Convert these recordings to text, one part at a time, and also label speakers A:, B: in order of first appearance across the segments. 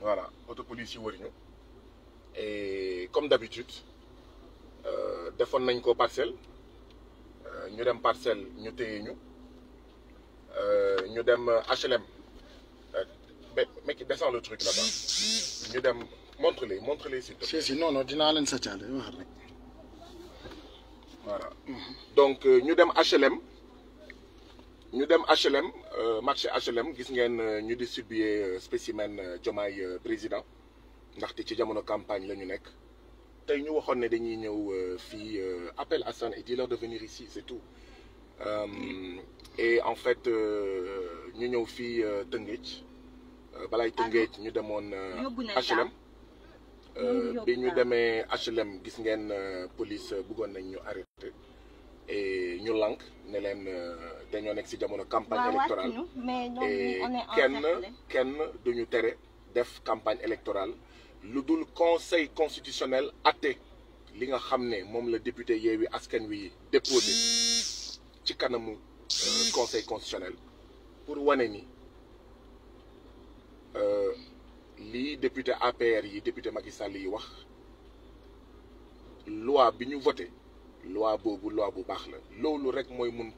A: voilà auto police est et comme d'habitude avons euh, nañ ko parcelle nous euh, avons parcelle nous avons Nous ñu HLM euh, mec descend le truc là-bas Nous dem montre-les montre-les s'il non non je voilà donc nous dem HLM ñu dem HLM euh, marché HLM gis ngeen euh, ñu distribuer euh, spécimen Diomaye président ndaxte ci jamono campagne la ñu nekk tey ñu waxoon ne dañuy ñëw fi appel à Assane et dis-leur de venir ici c'est tout et en fait ñu ñëw fi Tëngéej balay Tëngéej ñu demoon HLM bi ñu demee HLM gis ngeen police bëggoon nañ ñu arrêté et ñu lànk ne leen dañoo nekk si campagne électorale et Ken, kenn duñu faire def campagne électorale lu conseil constitutionnel a li nga xam ne le le député Yéwi Asken Wi déposé ci le euh, conseil constitutionnel pour wane ni euh, li député APR yi député Macky Sall yi wax loi bi ñu voté loi bobu loi bu bax la lo rek moye mun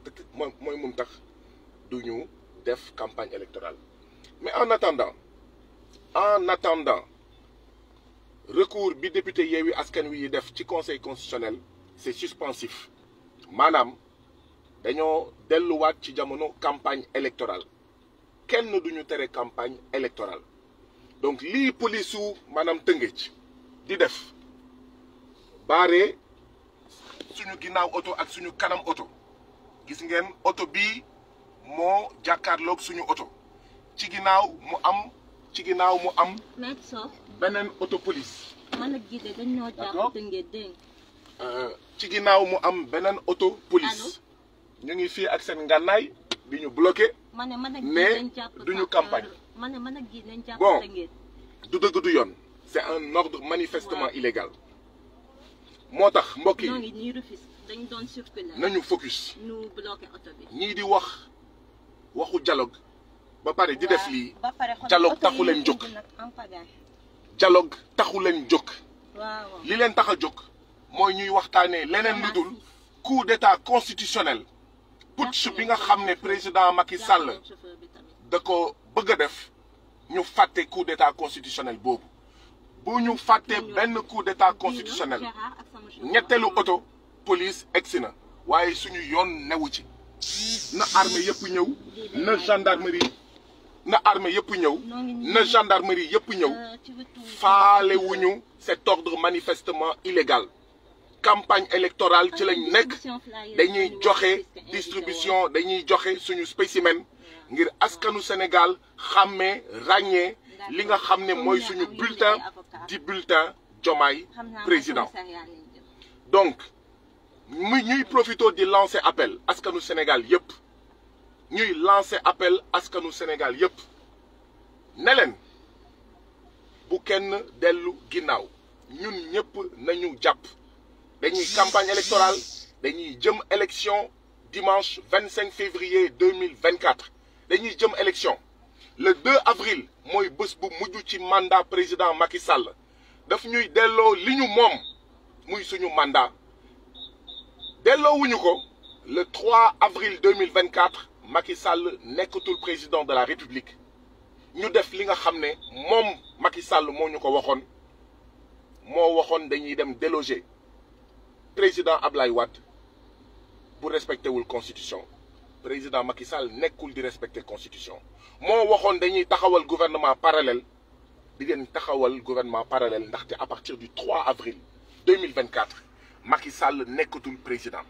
A: moye mun tax duñu def campagne électorale mais en attendant en attendant recours bi député yewi Askan Wi def ci conseil constitutionnel c'est suspensif Madame, dañoo wat ci jamono campagne électorale kenn duñu tere campagne électorale donc li police manam Tëngéej di def suñu ginnaw auto ak suñu kanam auto gis ngeen oto bii moo jàkkaarloog suñu auto ci ginnaw mu am ci ginnaw mu am benen auto police man ak dañ euh ci ginnaw mu am benen auto police ñu ngi fi ak seen ngànnaay bi ñu bloqué mais duñu campagne mané dañ bon du deug du yoon c'est un ordre manifestement illégal
B: moo tax mbokk yi
A: dañ doon circuler nañu focus. ñu bloqué oto ñii di wax waxu dialogue ba pare di def lii. ba pare dialogue taxu leen jóg. dialogue taxu leen jóg. li leen tax a jóg mooy ñuy waxtaanee leneen lu dul coup d'état constitutionnel. putsch bi nga xam ne président Macky Sall da ko bëgg a def ñu fàtte coup d'état constitutionnel boobu. bu ñu fait un coup d'état constitutionnel oto police suñu na armée yëpp na gendarmerie na armée yëpp na gendarmerie yëpp ñëw cet ordre manifestement illégal campagne électorale ci nekk dañuy distribution dañuy nous suñu spécimen ngir askanu Sénégal ragné li nga xamné que suñu bulletin di bulletin Diomaye président donc ñuy de di lancer appel askanu Sénégal yépp ñuy lancer appel askanu Sénégal yépp ne bu kenn delu ginnaw ñun ñëpp nañu japp dañuy campagne électorale dañuy jëm élection dimanche 25 février 2024, nous une dañuy jëm élection le 2 avril moi, bés bu le mandat président Macky Sall daf ñuy delloo li ñu muy mandat Dès le 3 avril 2024 Macky Sall le président de la République Nous def li nga que Macky Sall nous ko président Ablaye Wade respecter respecter constitution président Macky Sall nekkul di respecter constitution mo waxone dañuy taxawal gouvernement parallèle di ngeen taxawal gouvernement parallèle ndaxte à partir du 3 avril 2024 Macky Sall le président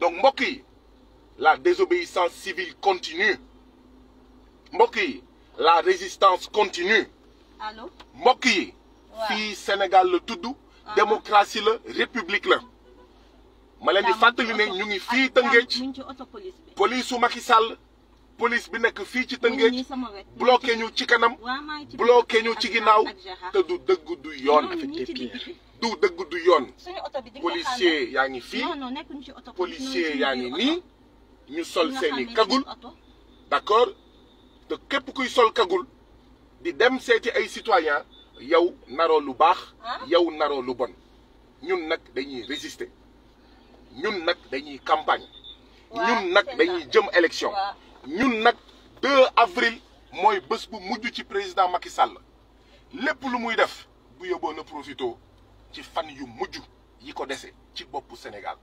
A: donc mbokki la désobéissance civile continue mbokki la résistance continue allô mbokki yi Sénégal la ah. démocratie la république la ma leen di fàttali ne ñu ngi fii Tëngéej police su Macky sàll police bi nekk fii ci Tëngéej bloqué ñu ci kanam bloqué ñu ci ginnaaw te du dëgg du yoon du dëgg du yoon policier yaa ngi fii policier yaa ngi nii ñu sol seeni kagul d'accord te képp kuy sol kagul di dem seeti ay citoyen yow naroo lu baax ah? yow naroo lu bon ñun nag dañuy résister ñun sommes une campagne Nous sommes dañuy jëm élection ñun le 2 avril nous je bu le ci président Macky Sall lépp lu muy def bu yóbboo profito ci fan yu muju yi ko ci Sénégal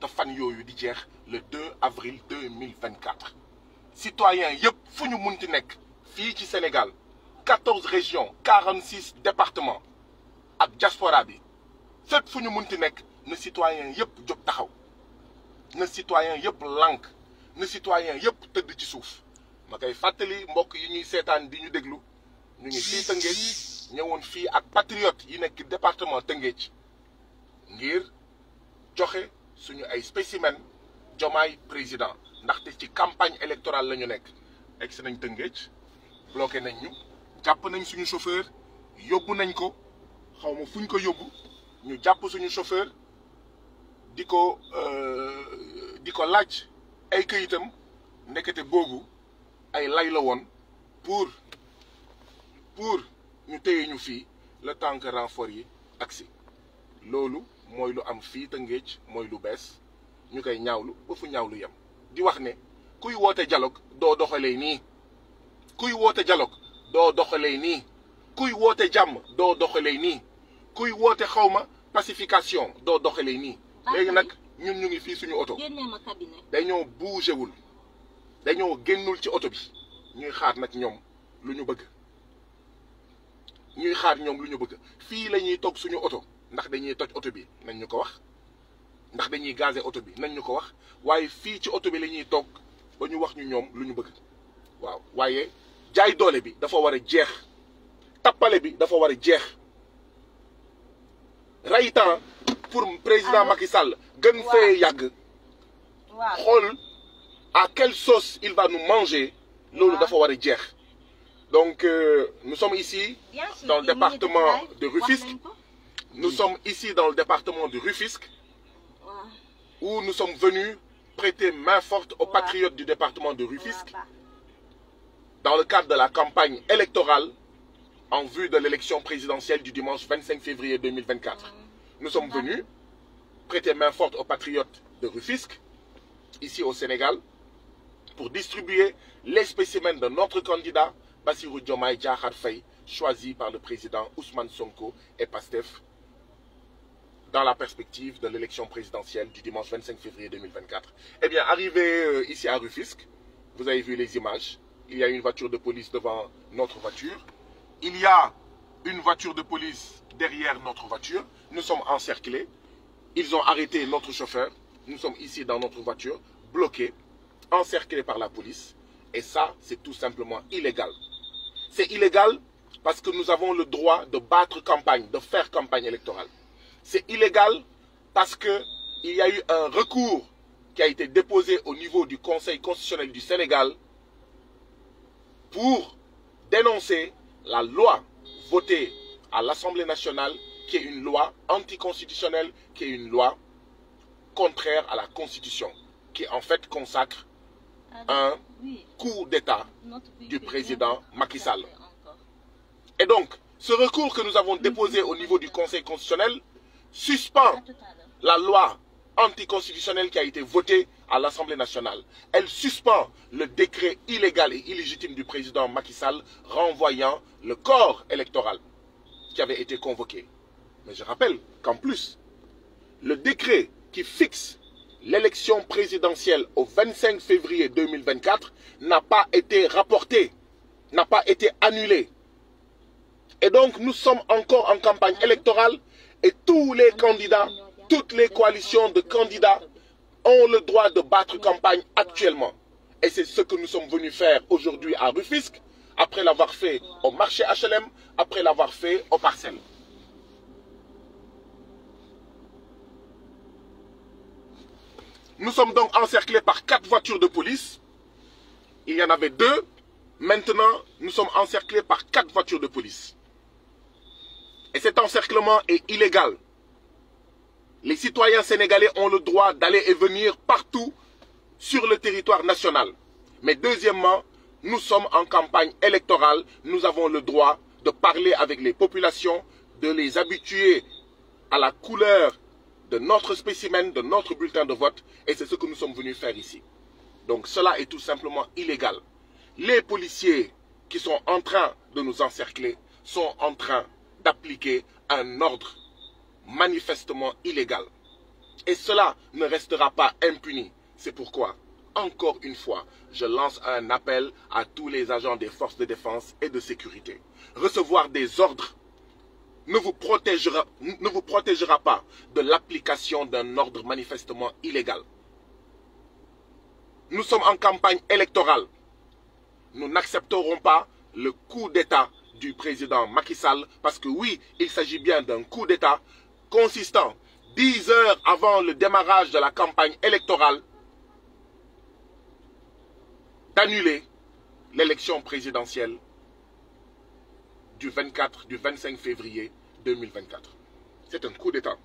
A: ta fan yoyu di le 2 avril 2024 citoyens yep, fuñu ñu munti nek. fii ci Sénégal 14 régions 46 départements ak diaspora bi fépp fuñu munti na citoyen yëpp jóg taxaw na citoyen yëpp lànk na citoyen yëpp tëdd ci suuf ma kay fàttali mbokk yi ñuy seetaan di ñu déglu ñu ngi fii Tëngéej ñëwoon fii ak patriote yi nekk département Tëngéej ngir joxe suñu ay spécimen jomaay président ndaxte ci campagne électorale la ñu nekk egg si nañ Tëngéej bloqué nañ ñu jàpp nañ suñu chauffeur yóbbu nañ ko xaw ma fuñ ko yóbbu ñu jàpp suñu chauffeur di ko euh, di ko laaj ay kayitam ndekete boobu ay lay la woon pour pour ñu téye ñu fii la temps renfort yi agsi loolu mooy lu am fii Tëngéej mooy lu bees ñu koy ñaawlu ba fu ñaawlu yem di wax ne kuy woote jaloog doo doxalee nii kuy woote dialogue doo doxalee nii kuy woote jàmm doo doxalee nii kuy woote xawma pacification doo doxalee nii léegi nag ñun ñu ngi fii suñu oto dañoo bougé wul dañoo génnul ci oto bi ñuy xaar nag ñoom lu ñu bëgg ñuy xaar ñoom lu ñu bëgg fii lañuy ñuy toog suñu oto ndax dañuy toj oto bi nañ ñu ko wax ndax dañuy gazé oto bi nañ ñu ko wax waaye fii ci oto bi lañuy ñuy toog ba ñu wax ñu ñoom lu ñu bëgg waaw waaye jaay doole bi dafa war a jeex tappale bi dafa war a jeex raytan pour le président ah Macky Sall gën Yag, à quelle sauce il va nous manger nous dafa war Djer. donc euh, nous sommes ici dans le département de Rufisque nous sommes ici dans le département de Rufisque où nous sommes venus prêter main forte aux patriotes du département de Rufisque bah. dans le cadre de la campagne électorale en vue de l'élection présidentielle du dimanche 25 février 2024. Nous sommes venus prêter main forte aux patriotes de Rufisque, ici au Sénégal, pour distribuer les spécimens de notre candidat, Bassirou Diomaye choisi par le président Ousmane Sonko et Pastef, dans la perspective de l'élection présidentielle du dimanche 25 février 2024. Eh bien, arrivé euh, ici à Rufisque, vous avez vu les images, il y a une voiture de police devant notre voiture, il y a une voiture de police derrière notre voiture. Nous sommes encerclés. Ils ont arrêté notre chauffeur. Nous sommes ici dans notre voiture, bloqués, encerclés par la police. Et ça, c'est tout simplement illégal. C'est illégal parce que nous avons le droit de battre campagne, de faire campagne électorale. C'est illégal parce qu'il y a eu un recours qui a été déposé au niveau du Conseil constitutionnel du Sénégal pour dénoncer la loi voter à l'Assemblée nationale, qui est une loi anticonstitutionnelle, qui est une loi contraire à la Constitution, qui en fait consacre ah, un coup d'État du président Macky Sall. Et donc, ce recours que nous avons déposé au niveau du Conseil constitutionnel suspend la loi anticonstitutionnelle qui a été votée à l'Assemblée nationale. Elle suspend le décret illégal et illégitime du président Macky Sall renvoyant le corps électoral qui avait été convoqué. Mais je rappelle qu'en plus, le décret qui fixe l'élection présidentielle au 25 février 2024 n'a pas été rapporté, n'a pas été annulé. Et donc nous sommes encore en campagne électorale et tous les candidats toutes les coalitions de candidats ont le droit de battre campagne actuellement. Et c'est ce que nous sommes venus faire aujourd'hui à Rufisque, après l'avoir fait au marché HLM, après l'avoir fait au parcelle. Nous sommes donc encerclés par quatre voitures de police. Il y en avait deux. Maintenant, nous sommes encerclés par quatre voitures de police. Et cet encerclement est illégal les citoyens sénégalais ont le droit d'aller et venir partout sur le territoire national. Mais deuxièmement, nous sommes en campagne électorale, nous avons le droit de parler avec les populations, de les habituer à la couleur de notre spécimen, de notre bulletin de vote, et c'est ce que nous sommes venus faire ici. Donc cela est tout simplement illégal. Les policiers qui sont en train de nous encercler sont en train d'appliquer un ordre manifestement illégal. Et cela ne restera pas impuni. C'est pourquoi, encore une fois, je lance un appel à tous les agents des forces de défense et de sécurité. Recevoir des ordres ne vous protégera, ne vous protégera pas de l'application d'un ordre manifestement illégal. Nous sommes en campagne électorale. Nous n'accepterons pas le coup d'État du président Macky Sall parce que oui, il s'agit bien d'un coup d'État consistant, 10 heures avant le démarrage de la campagne électorale, d'annuler l'élection présidentielle du 24, du 25 février 2024. C'est un coup d'État.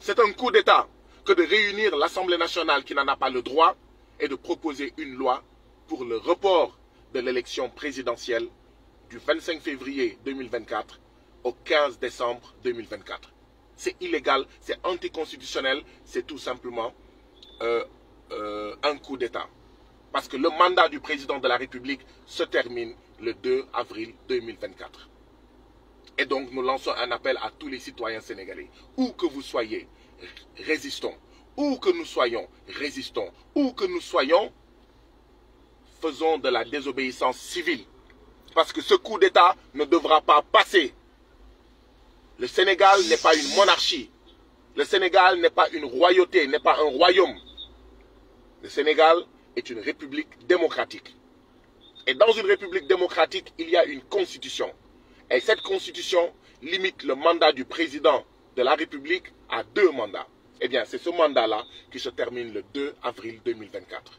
A: C'est un coup d'État que de réunir l'Assemblée nationale qui n'en a pas le droit et de proposer une loi pour le report de l'élection présidentielle du 25 février 2024 au 15 décembre 2024 c'est illégal, c'est anticonstitutionnel, c'est tout simplement euh, euh, un coup d'État. Parce que le mandat du président de la République se termine le 2 avril 2024. Et donc nous lançons un appel à tous les citoyens sénégalais. Où que vous soyez, résistons. Où que nous soyons, résistons. Où que nous soyons, faisons de la désobéissance civile. Parce que ce coup d'État ne devra pas passer le Sénégal n'est pas une monarchie. Le Sénégal n'est pas une royauté, n'est pas un royaume. Le Sénégal est une république démocratique. Et dans une république démocratique, il y a une constitution. Et cette constitution limite le mandat du président de la République à deux mandats. Eh bien, c'est ce mandat-là qui se termine le 2 avril 2024.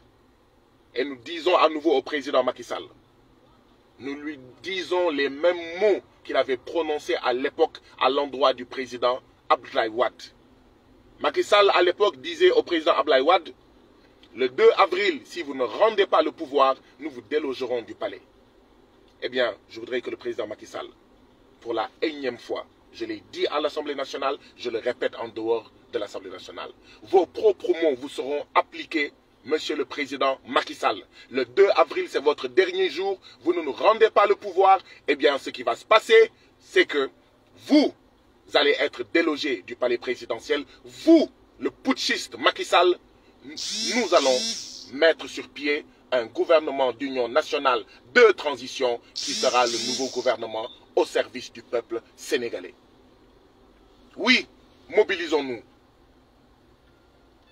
A: Et nous disons à nouveau au président Macky Sall, nous lui disons les mêmes mots qu'il avait prononcé à l'époque à l'endroit du président Abdoulaye Macky Sall, à l'époque, disait au président Abdoulaye le 2 avril, si vous ne rendez pas le pouvoir, nous vous délogerons du palais. Eh bien, je voudrais que le président Macky Sall, pour la énième fois, je l'ai dit à l'Assemblée nationale, je le répète en dehors de l'Assemblée nationale, vos propres mots vous seront appliqués Monsieur le Président Macky Sall, le 2 avril, c'est votre dernier jour. Vous ne nous rendez pas le pouvoir. Eh bien, ce qui va se passer, c'est que vous allez être délogé du palais présidentiel. Vous, le putschiste Macky Sall, nous allons mettre sur pied un gouvernement d'union nationale de transition qui sera le nouveau gouvernement au service du peuple sénégalais. Oui, mobilisons-nous.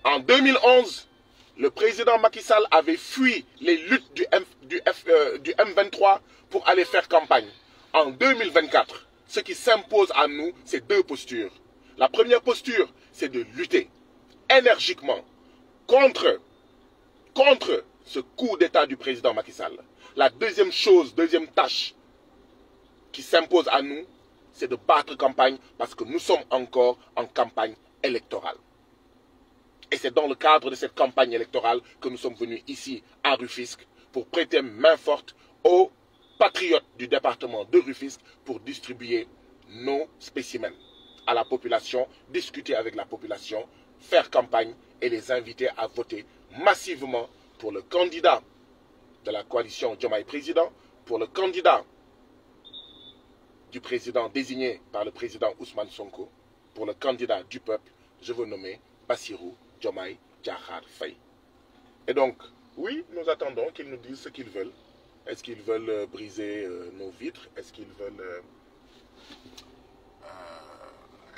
A: En 2011, le président Macky Sall avait fui les luttes du, M, euh, 23 pour aller faire campagne. En 2024, ce qui s'impose à nous, c'est deux postures. La première posture, c'est de lutter énergiquement contre, contre ce coup d'État du président Macky Sall. La deuxième chose, deuxième tâche qui s'impose à nous, c'est de battre campagne parce que nous sommes encore en campagne électorale. Et c'est dans le cadre de cette campagne électorale que nous sommes venus ici à Rufisque pour prêter main forte aux patriotes du département de Rufisque pour distribuer nos spécimens à la population, discuter avec la population, faire campagne et les inviter à voter massivement pour le candidat de la coalition Jomai Président, pour le candidat du président désigné par le président Ousmane Sonko, pour le candidat du peuple, je veux nommer Bassirou et donc, oui, nous attendons qu'ils nous disent ce qu'ils veulent. Est-ce qu'ils veulent euh, briser euh, nos vitres Est-ce qu'ils veulent... Euh,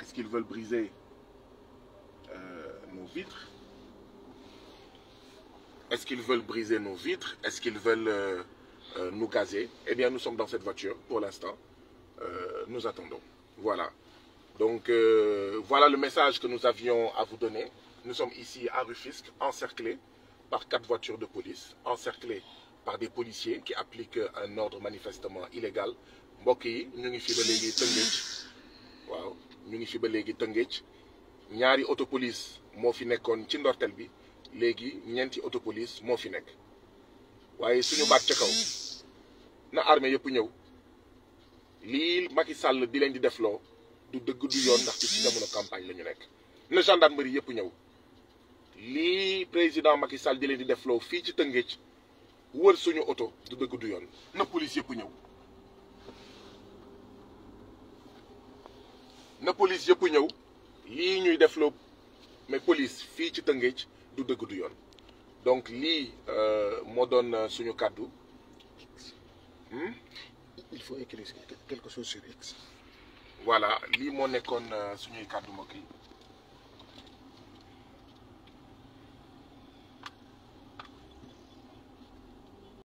A: est-ce qu'ils veulent briser nos vitres Est-ce qu'ils veulent briser nos vitres Est-ce qu'ils veulent nous gazer Eh bien, nous sommes dans cette voiture pour l'instant. nous attendons. Voilà. Donc, voilà le message que nous avions à vous donner. Nous sommes ici à Rufisque, encerclés par quatre voitures de police, encerclés par des policiers qui appliquent un ordre manifestement illégal. mbokk yi ñu ngi fi ba léegi Tëngéej waaw ñu ngi fi ba léegi Tëngéej ñaari auto police moo fi nekkoon ci ndorteel bi léegi ñeenti auto police moo fi nekk waaye suñu baat ca kaw na armée yëpp ñëw lii Macky Sall di leen di defloo du dëgg du yoon ndax ci jamono campagne la ñu nekk gendarmerie yëpp ñëw. Li président Macky Sall di leen di def loo fii ci Tëngéej wër suñu auto du deug du yoon na police yëpp ñew na police yëpp ñew li ñuy def mais police fi ci Tëngéej du deug du yoon donc euh mo donne euh, suñu hmm? il faut écrire quelque chose sur X voilà li moo nekkoon euh, suñu cadeau mo